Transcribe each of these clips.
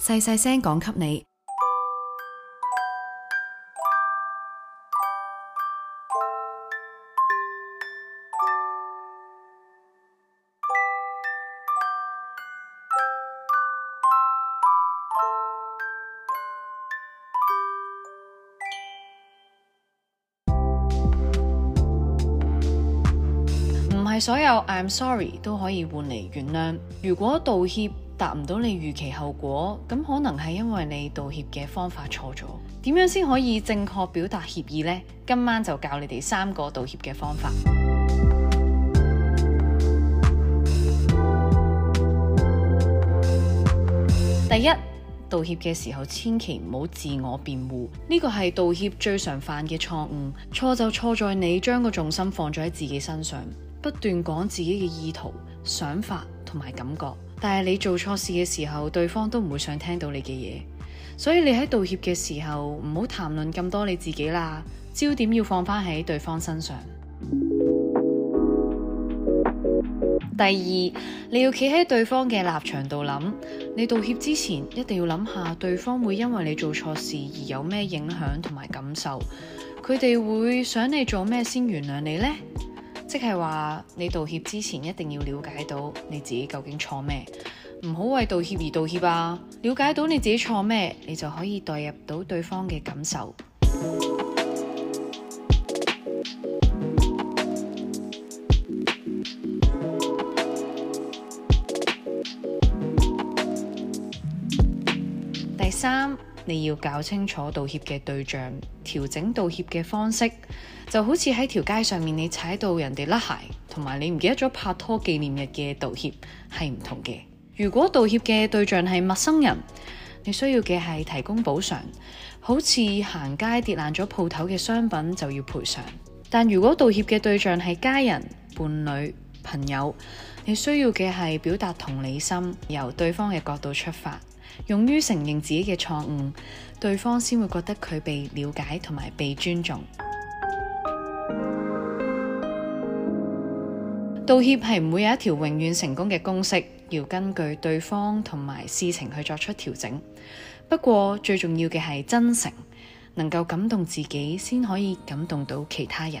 細細聲講給你，唔係所有 I'm sorry 都可以換嚟原諒。如果道歉，達唔到你預期後果，咁可能係因為你道歉嘅方法錯咗。點樣先可以正確表達歉意呢？今晚就教你哋三個道歉嘅方法。第一，道歉嘅時候，千祈唔好自我辯護，呢個係道歉最常犯嘅錯誤。錯就錯在你將個重心放咗喺自己身上，不斷講自己嘅意圖、想法。同埋感覺，但係你做錯事嘅時候，對方都唔會想聽到你嘅嘢，所以你喺道歉嘅時候，唔好談論咁多你自己啦，焦點要放翻喺對方身上。第二，你要企喺對方嘅立場度諗，你道歉之前，一定要諗下對方會因為你做錯事而有咩影響同埋感受，佢哋會想你做咩先原諒你呢？即係話，你道歉之前一定要了解到你自己究竟錯咩，唔好為道歉而道歉啊！了解到你自己錯咩，你就可以代入到對方嘅感受。 第三，你要搞清楚道歉嘅對象，調整道歉嘅方式，就好似喺條街上面你踩到人哋甩鞋，同埋你唔記得咗拍拖紀念日嘅道歉係唔同嘅。如果道歉嘅對象係陌生人，你需要嘅係提供補償，好似行街跌爛咗鋪頭嘅商品就要賠償。但如果道歉嘅對象係家人伴侶，朋友，你需要嘅係表達同理心，由對方嘅角度出發，勇於承認自己嘅錯誤，對方先會覺得佢被了解同埋被尊重。道歉係唔會有一條永遠成功嘅公式，要根據對方同埋事情去作出調整。不過最重要嘅係真誠，能夠感動自己，先可以感動到其他人。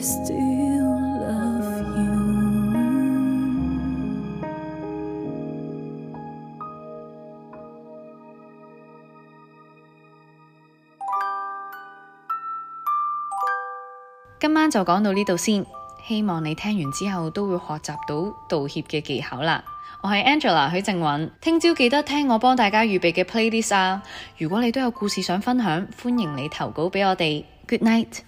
Still love you 今晚就講到呢度先，希望你聽完之後都會學習到道歉嘅技巧啦。我係 Angela 許靜雯，聽朝記得聽我幫大家預備嘅 playlist 啊！如果你都有故事想分享，歡迎你投稿俾我哋。Good night。